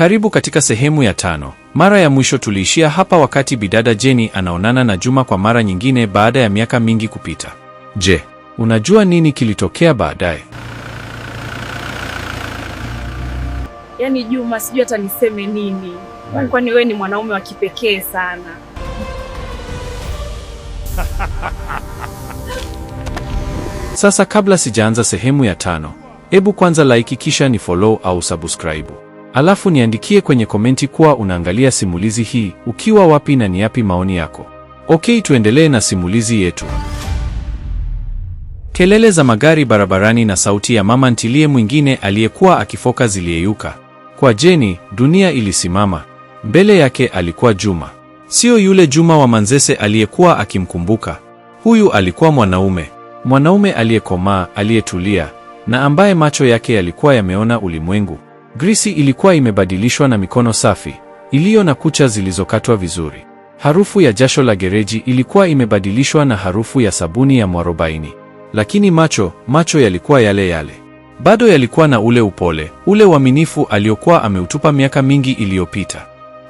Karibu katika sehemu ya tano. Mara ya mwisho tuliishia hapa wakati bidada Jeni anaonana na Juma kwa mara nyingine baada ya miaka mingi kupita. Je, unajua nini kilitokea baadaye? Yaani Juma, sijui hata niseme nini, kwani wewe ni mwanaume wa kipekee sana. Sasa kabla sijaanza sehemu ya tano, hebu kwanza like kisha ni follow au subscribe. Alafu niandikie kwenye komenti kuwa unaangalia simulizi hii ukiwa wapi na ni yapi maoni yako. Okay, tuendelee na simulizi yetu. Kelele za magari barabarani na sauti ya mama ntilie mwingine aliyekuwa akifoka ziliyeyuka. Kwa Jeni, dunia ilisimama. Mbele yake alikuwa Juma. Sio yule Juma wa Manzese aliyekuwa akimkumbuka. Huyu alikuwa mwanaume. Mwanaume aliyekomaa, aliyetulia na ambaye macho yake yalikuwa yameona ulimwengu. Grisi ilikuwa imebadilishwa na mikono safi iliyo na kucha zilizokatwa vizuri. Harufu ya jasho la gereji ilikuwa imebadilishwa na harufu ya sabuni ya mwarobaini. Lakini macho, macho yalikuwa yale yale. Bado yalikuwa na ule upole, ule uaminifu aliokuwa ameutupa miaka mingi iliyopita.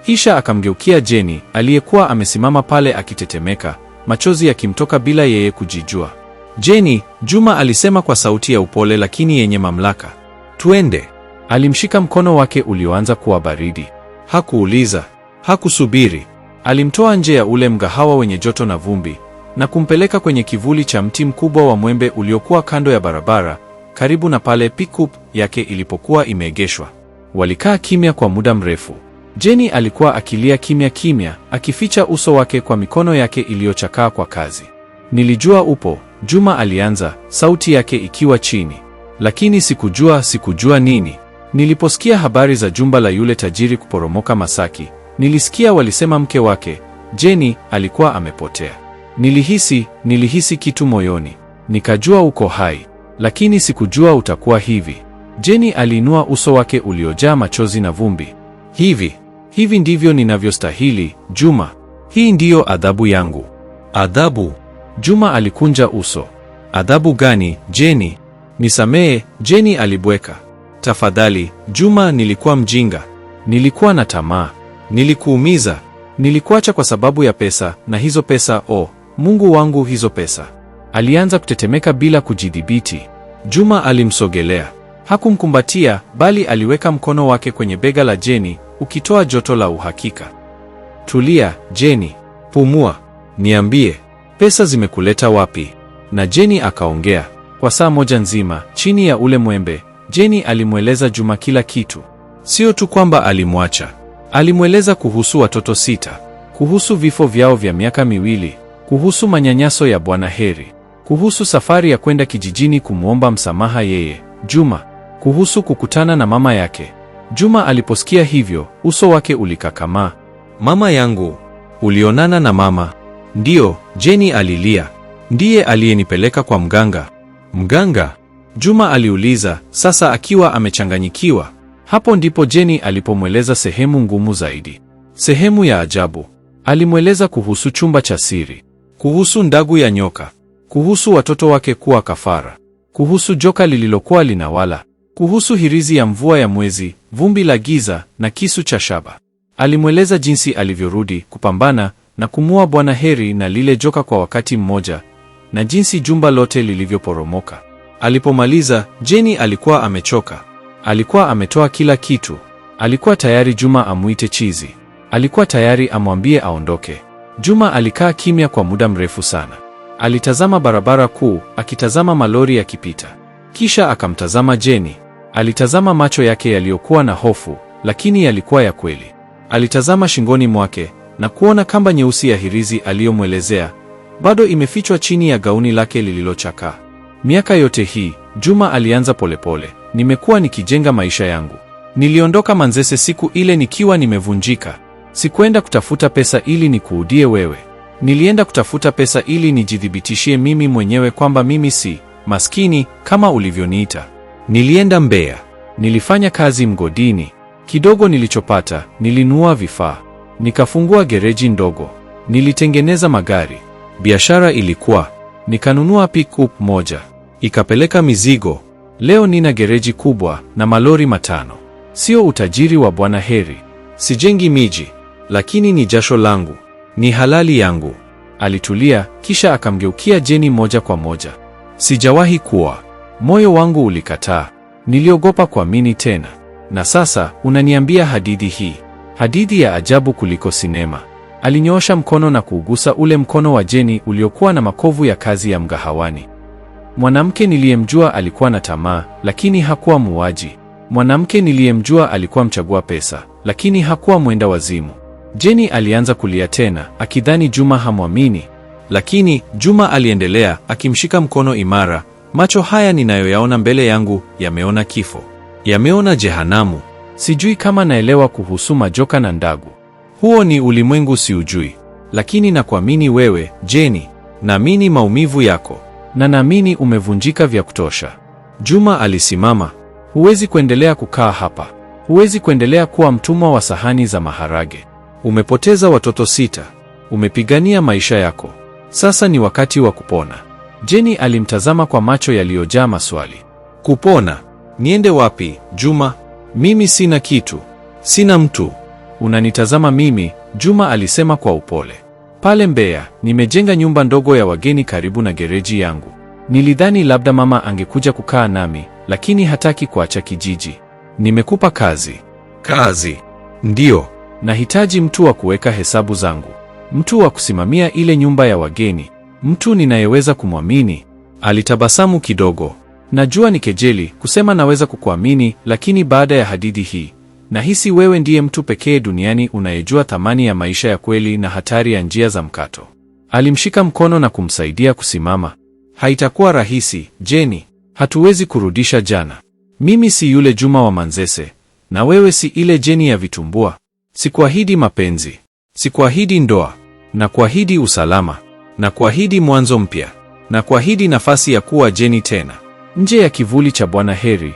Kisha akamgeukia Jeni aliyekuwa amesimama pale akitetemeka, machozi yakimtoka bila yeye kujijua. Jeni, Juma alisema kwa sauti ya upole lakini yenye mamlaka. Tuende. Alimshika mkono wake ulioanza kuwa baridi. Hakuuliza, hakusubiri. Alimtoa nje ya ule mgahawa wenye joto na vumbi na kumpeleka kwenye kivuli cha mti mkubwa wa mwembe uliokuwa kando ya barabara, karibu na pale pickup yake ilipokuwa imeegeshwa. Walikaa kimya kwa muda mrefu. Jeni alikuwa akilia kimya kimya, akificha uso wake kwa mikono yake iliyochakaa kwa kazi. Nilijua upo, Juma alianza, sauti yake ikiwa chini. Lakini sikujua, sikujua nini. Niliposikia habari za jumba la yule tajiri kuporomoka Masaki, nilisikia walisema mke wake Jeni alikuwa amepotea. Nilihisi, nilihisi kitu moyoni, nikajua uko hai, lakini sikujua utakuwa hivi. Jeni aliinua uso wake uliojaa machozi na vumbi. Hivi hivi ndivyo ninavyostahili, Juma. Hii ndiyo adhabu yangu. Adhabu? Juma alikunja uso. Adhabu gani, Jeni? Nisamehe, Jeni alibweka. Tafadhali Juma, nilikuwa mjinga, nilikuwa na tamaa, nilikuumiza, nilikuacha kwa sababu ya pesa, na hizo pesa, oh Mungu wangu, hizo pesa. Alianza kutetemeka bila kujidhibiti. Juma alimsogelea, hakumkumbatia bali aliweka mkono wake kwenye bega la Jeni, ukitoa joto la uhakika. Tulia Jeni, pumua, niambie pesa zimekuleta wapi? Na Jeni akaongea kwa saa moja nzima chini ya ule mwembe Jeni alimweleza Juma kila kitu. Sio tu kwamba alimwacha, alimweleza kuhusu watoto sita, kuhusu vifo vyao vya miaka miwili, kuhusu manyanyaso ya Bwana Heri, kuhusu safari ya kwenda kijijini kumwomba msamaha yeye Juma, kuhusu kukutana na mama yake. Juma aliposikia hivyo, uso wake ulikakamaa. Mama yangu, ulionana na mama? Ndiyo, Jeni alilia. Ndiye aliyenipeleka kwa mganga. Mganga? Juma aliuliza, sasa akiwa amechanganyikiwa. Hapo ndipo Jeni alipomweleza sehemu ngumu zaidi, sehemu ya ajabu. Alimweleza kuhusu chumba cha siri, kuhusu ndagu ya nyoka, kuhusu watoto wake kuwa kafara, kuhusu joka lililokuwa linawala, kuhusu hirizi ya mvua ya mwezi, vumbi la giza na kisu cha shaba. Alimweleza jinsi alivyorudi kupambana na kumua Bwana Heri na lile joka kwa wakati mmoja, na jinsi jumba lote lilivyoporomoka. Alipomaliza, Jeni alikuwa amechoka. Alikuwa ametoa kila kitu. Alikuwa tayari Juma amuite chizi. Alikuwa tayari amwambie aondoke. Juma alikaa kimya kwa muda mrefu sana. Alitazama barabara kuu, akitazama malori yakipita. Kisha akamtazama Jeni. Alitazama macho yake yaliyokuwa na hofu, lakini yalikuwa ya kweli. Alitazama shingoni mwake na kuona kamba nyeusi ya hirizi aliyomwelezea bado imefichwa chini ya gauni lake lililochakaa. Miaka yote hii, Juma alianza polepole, nimekuwa nikijenga maisha yangu. Niliondoka Manzese siku ile nikiwa nimevunjika. Sikwenda kutafuta pesa ili nikuudie wewe. Nilienda kutafuta pesa ili nijithibitishie mimi mwenyewe kwamba mimi si maskini kama ulivyoniita. Nilienda Mbeya, nilifanya kazi mgodini. Kidogo nilichopata nilinua vifaa, nikafungua gereji ndogo, nilitengeneza magari. Biashara ilikuwa Nikanunua pickup moja ikapeleka mizigo. Leo nina gereji kubwa na malori matano. Sio utajiri wa Bwana Heri, sijengi miji, lakini ni jasho langu, ni halali yangu. Alitulia kisha akamgeukia Jeni moja kwa moja. Sijawahi kuwa. Moyo wangu ulikataa, niliogopa kuamini tena. Na sasa unaniambia hadithi hii, hadithi ya ajabu kuliko sinema. Alinyoosha mkono na kuugusa ule mkono wa Jeni uliokuwa na makovu ya kazi ya mgahawani. Mwanamke niliyemjua alikuwa na tamaa, lakini hakuwa muuaji. Mwanamke niliyemjua alikuwa mchagua pesa, lakini hakuwa mwenda wazimu. Jeni alianza kulia tena, akidhani Juma hamwamini. Lakini Juma aliendelea akimshika mkono imara. Macho haya ninayoyaona mbele yangu yameona kifo, yameona jehanamu. Sijui kama naelewa kuhusu majoka na ndagu. Huo ni ulimwengu siujui, lakini nakuamini wewe Jeni, naamini maumivu yako na naamini umevunjika vya kutosha. Juma alisimama. Huwezi kuendelea kukaa hapa, huwezi kuendelea kuwa mtumwa wa sahani za maharage. Umepoteza watoto sita, umepigania maisha yako, sasa ni wakati wa kupona. Jeni alimtazama kwa macho yaliyojaa maswali. Kupona? Niende wapi Juma? Mimi sina kitu, sina mtu, unanitazama mimi, Juma alisema kwa upole. Pale Mbeya nimejenga nyumba ndogo ya wageni karibu na gereji yangu. Nilidhani labda mama angekuja kukaa nami, lakini hataki kuacha kijiji. Nimekupa kazi. Kazi? Ndiyo, nahitaji mtu wa kuweka hesabu zangu, mtu wa kusimamia ile nyumba ya wageni, mtu ninayeweza kumwamini. Alitabasamu kidogo. Najua ni kejeli kusema naweza kukuamini, lakini baada ya hadithi hii Nahisi wewe ndiye mtu pekee duniani unayejua thamani ya maisha ya kweli na hatari ya njia za mkato. Alimshika mkono na kumsaidia kusimama. Haitakuwa rahisi, Jeni. Hatuwezi kurudisha jana. Mimi si yule Juma wa Manzese na wewe si ile Jeni ya vitumbua. Sikuahidi mapenzi, sikuahidi ndoa, na kuahidi usalama, na kuahidi mwanzo mpya, na kuahidi nafasi ya kuwa Jeni tena, nje ya kivuli cha Bwana Heri,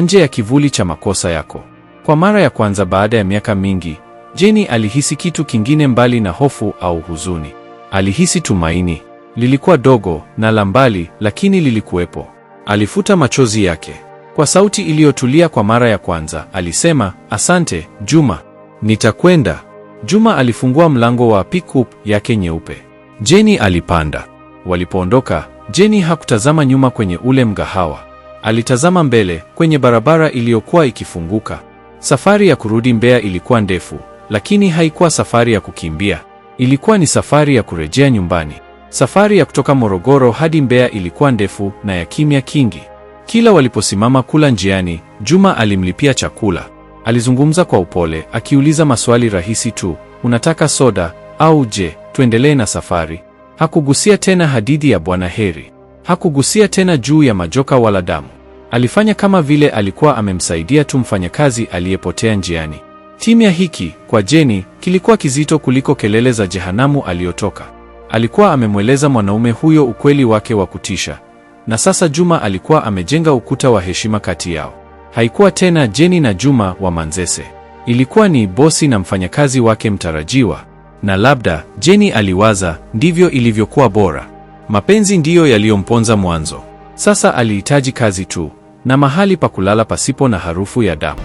nje ya kivuli cha makosa yako. Kwa mara ya kwanza baada ya miaka mingi, Jeni alihisi kitu kingine mbali na hofu au huzuni. Alihisi tumaini. Lilikuwa dogo na la mbali, lakini lilikuwepo. Alifuta machozi yake. Kwa sauti iliyotulia kwa mara ya kwanza, alisema, "Asante, Juma. Nitakwenda." Juma alifungua mlango wa pickup yake nyeupe. Jeni alipanda. Walipoondoka, Jeni hakutazama nyuma kwenye ule mgahawa. Alitazama mbele kwenye barabara iliyokuwa ikifunguka. Safari ya kurudi Mbeya ilikuwa ndefu, lakini haikuwa safari ya kukimbia. Ilikuwa ni safari ya kurejea nyumbani. Safari ya kutoka Morogoro hadi Mbeya ilikuwa ndefu na ya kimya kingi. Kila waliposimama kula njiani, Juma alimlipia chakula. Alizungumza kwa upole, akiuliza maswali rahisi tu, unataka soda au je, tuendelee na safari? Hakugusia tena hadithi ya Bwana Heri. Hakugusia tena juu ya majoka wala damu. Alifanya kama vile alikuwa amemsaidia tu mfanyakazi aliyepotea njiani. Kimya hiki kwa Jeni kilikuwa kizito kuliko kelele za jehanamu aliyotoka. Alikuwa amemweleza mwanaume huyo ukweli wake wa kutisha, na sasa Juma alikuwa amejenga ukuta wa heshima kati yao. Haikuwa tena Jeni na Juma wa Manzese, ilikuwa ni bosi na mfanyakazi wake mtarajiwa. Na labda Jeni aliwaza, ndivyo ilivyokuwa bora. Mapenzi ndiyo yaliyomponza mwanzo. Sasa alihitaji kazi tu na mahali pa kulala pasipo na harufu ya damu.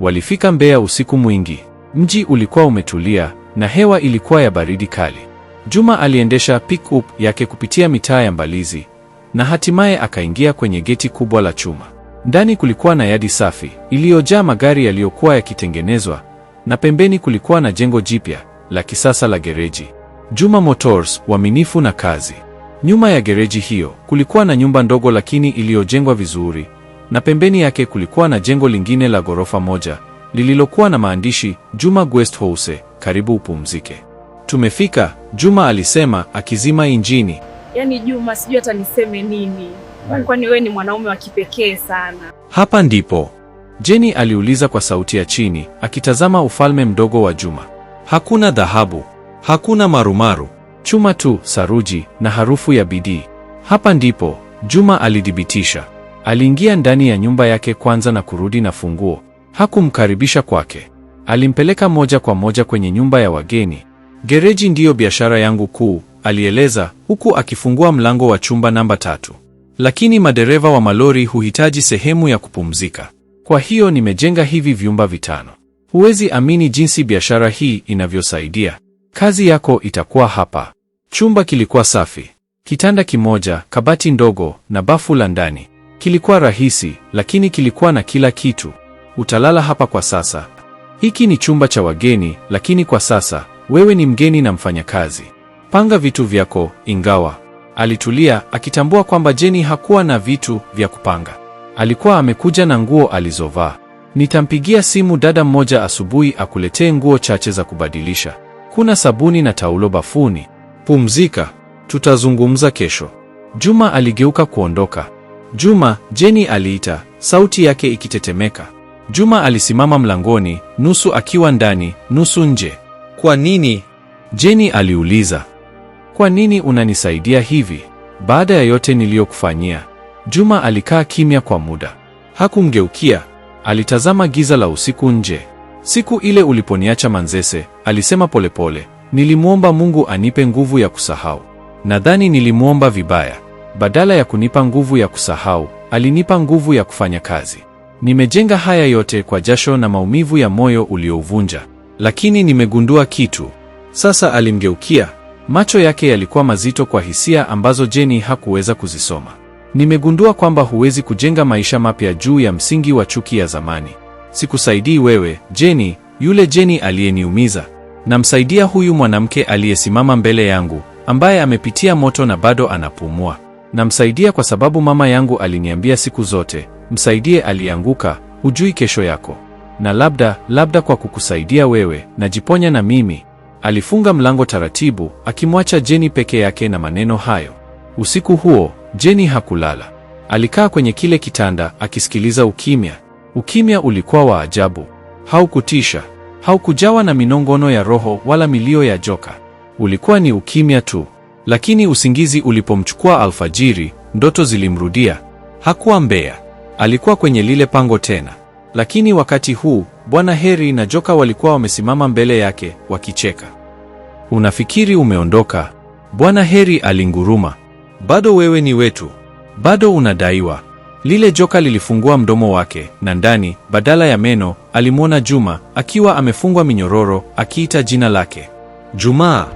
Walifika Mbeya usiku mwingi. Mji ulikuwa umetulia na hewa ilikuwa ya baridi kali. Juma aliendesha pickup yake kupitia mitaa ya Mbalizi na hatimaye akaingia kwenye geti kubwa la chuma. Ndani kulikuwa na yadi safi iliyojaa magari yaliyokuwa yakitengenezwa na pembeni kulikuwa na jengo jipya la kisasa la gereji. Juma Motors, uaminifu na kazi. Nyuma ya gereji hiyo kulikuwa na nyumba ndogo lakini iliyojengwa vizuri, na pembeni yake kulikuwa na jengo lingine la ghorofa moja lililokuwa na maandishi Juma Guest House, karibu upumzike. Tumefika, Juma alisema akizima injini. Yaani Juma, sijui hata niseme nini, kwani wewe ni mwanaume wa kipekee sana. Hapa ndipo Jeni aliuliza kwa sauti ya chini, akitazama ufalme mdogo wa Juma. Hakuna dhahabu, hakuna marumaru, chuma tu, saruji na harufu ya bidii. Hapa ndipo Juma alidhibitisha. Aliingia ndani ya nyumba yake kwanza na kurudi na funguo. Hakumkaribisha kwake, alimpeleka moja kwa moja kwenye nyumba ya wageni. Gereji ndiyo biashara yangu kuu, alieleza huku akifungua mlango wa chumba namba tatu. Lakini madereva wa malori huhitaji sehemu ya kupumzika, kwa hiyo nimejenga hivi vyumba vitano. Huwezi amini jinsi biashara hii inavyosaidia. Kazi yako itakuwa hapa. Chumba kilikuwa safi, kitanda kimoja, kabati ndogo na bafu la ndani. Kilikuwa rahisi, lakini kilikuwa na kila kitu. Utalala hapa kwa sasa. Hiki ni chumba cha wageni, lakini kwa sasa wewe ni mgeni na mfanyakazi. Panga vitu vyako. Ingawa alitulia akitambua kwamba Jeni hakuwa na vitu vya kupanga, alikuwa amekuja na nguo alizovaa. Nitampigia simu dada mmoja asubuhi akuletee nguo chache za kubadilisha. Kuna sabuni na taulo bafuni. Pumzika, tutazungumza kesho. Juma aligeuka kuondoka. Juma, Jeni aliita, sauti yake ikitetemeka. Juma alisimama mlangoni, nusu akiwa ndani, nusu nje. Kwa nini? Jeni aliuliza. Kwa nini unanisaidia hivi? Baada ya yote niliyokufanyia? Juma alikaa kimya kwa muda. Hakumgeukia, Alitazama giza la usiku nje. Siku ile uliponiacha Manzese, alisema polepole, nilimwomba Mungu anipe nguvu ya kusahau. Nadhani nilimwomba vibaya. Badala ya kunipa nguvu ya kusahau, alinipa nguvu ya kufanya kazi. Nimejenga haya yote kwa jasho na maumivu ya moyo uliouvunja, lakini nimegundua kitu. Sasa alimgeukia, macho yake yalikuwa mazito kwa hisia ambazo Jeni hakuweza kuzisoma. Nimegundua kwamba huwezi kujenga maisha mapya juu ya msingi wa chuki ya zamani. Sikusaidii wewe, Jeni, yule Jeni aliyeniumiza. Namsaidia huyu mwanamke aliyesimama mbele yangu, ambaye amepitia moto na bado anapumua. Namsaidia kwa sababu mama yangu aliniambia siku zote, msaidie alianguka, hujui kesho yako. Na labda, labda kwa kukusaidia wewe, najiponya na mimi. Alifunga mlango taratibu, akimwacha Jeni peke yake na maneno hayo. Usiku huo Jeni hakulala. Alikaa kwenye kile kitanda akisikiliza ukimya. Ukimya ulikuwa wa ajabu, haukutisha, haukujawa na minongono ya roho wala milio ya joka. Ulikuwa ni ukimya tu. Lakini usingizi ulipomchukua alfajiri, ndoto zilimrudia. Hakuwa Mbeya, alikuwa kwenye lile pango tena, lakini wakati huu Bwana Heri na joka walikuwa wamesimama mbele yake wakicheka. Unafikiri umeondoka? Bwana Heri alinguruma. Bado wewe ni wetu, bado unadaiwa. Lile joka lilifungua mdomo wake, na ndani, badala ya meno, alimwona Juma akiwa amefungwa minyororo, akiita jina lake Juma.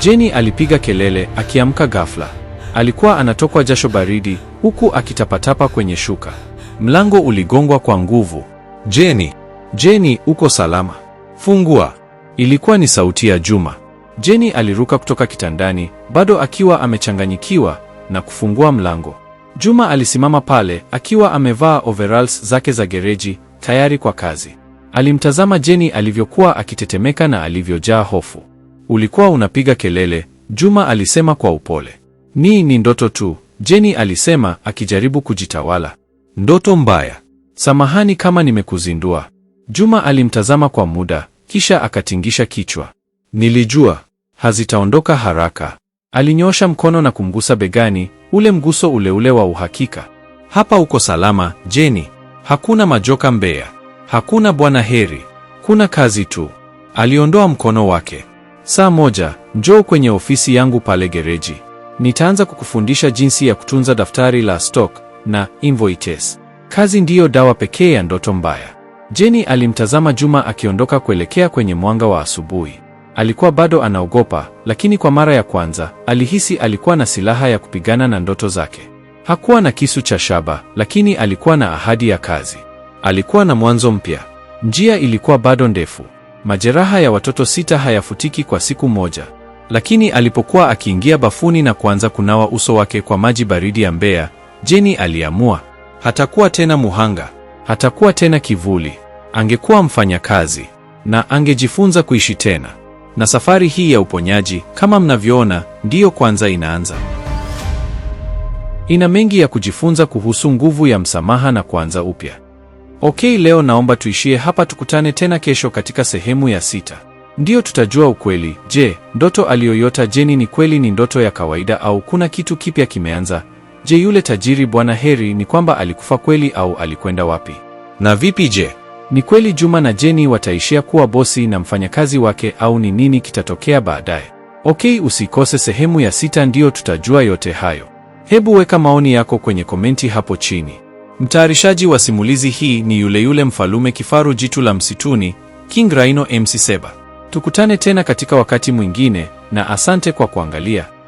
Jeni alipiga kelele akiamka ghafla. Alikuwa anatokwa jasho baridi, huku akitapatapa kwenye shuka. Mlango uligongwa kwa nguvu. Jeni, Jeni, uko salama? Fungua! Ilikuwa ni sauti ya Juma. Jeni aliruka kutoka kitandani, bado akiwa amechanganyikiwa, na kufungua mlango. Juma alisimama pale akiwa amevaa overalls zake za gereji tayari kwa kazi. Alimtazama Jeni alivyokuwa akitetemeka na alivyojaa hofu. Ulikuwa unapiga kelele, Juma alisema kwa upole. Ni ni ndoto tu, Jeni alisema akijaribu kujitawala. Ndoto mbaya. Samahani kama nimekuzindua. Juma alimtazama kwa muda, kisha akatingisha kichwa. Nilijua hazitaondoka haraka. Alinyosha mkono na kumgusa begani, ule mguso uleule wa uhakika. Hapa uko salama, Jeni. Hakuna majoka Mbeya, hakuna bwana Heri, kuna kazi tu. Aliondoa mkono wake. Saa moja, njoo kwenye ofisi yangu pale gereji. Nitaanza kukufundisha jinsi ya kutunza daftari la stock na invoices. Kazi ndiyo dawa pekee ya ndoto mbaya. Jeni alimtazama Juma akiondoka kuelekea kwenye mwanga wa asubuhi. Alikuwa bado anaogopa, lakini kwa mara ya kwanza alihisi alikuwa na silaha ya kupigana na ndoto zake. Hakuwa na kisu cha shaba, lakini alikuwa na ahadi ya kazi. Alikuwa na mwanzo mpya. Njia ilikuwa bado ndefu. Majeraha ya watoto sita hayafutiki kwa siku moja. Lakini alipokuwa akiingia bafuni na kuanza kunawa uso wake kwa maji baridi ya Mbeya, Jeni aliamua hatakuwa tena muhanga, hatakuwa tena kivuli. Angekuwa mfanyakazi na angejifunza kuishi tena na safari hii ya uponyaji kama mnavyoona ndiyo kwanza inaanza. Ina mengi ya kujifunza kuhusu nguvu ya msamaha na kuanza upya. Okay, leo naomba tuishie hapa, tukutane tena kesho katika sehemu ya sita. Ndiyo tutajua ukweli. Je, ndoto aliyoyota Jeni ni kweli ni ndoto ya kawaida au kuna kitu kipya kimeanza? Je, yule tajiri Bwana Heri ni kwamba alikufa kweli au alikwenda wapi? Na vipi je? Ni kweli Juma na Jeni wataishia kuwa bosi na mfanyakazi wake au ni nini kitatokea baadaye? Ok, usikose sehemu ya sita ndiyo tutajua yote hayo. Hebu weka maoni yako kwenye komenti hapo chini. Mtayarishaji wa simulizi hii ni yule yule Mfalume Kifaru, Jitu la Msituni, King Rhino, MC Seba. Tukutane tena katika wakati mwingine na asante kwa kuangalia.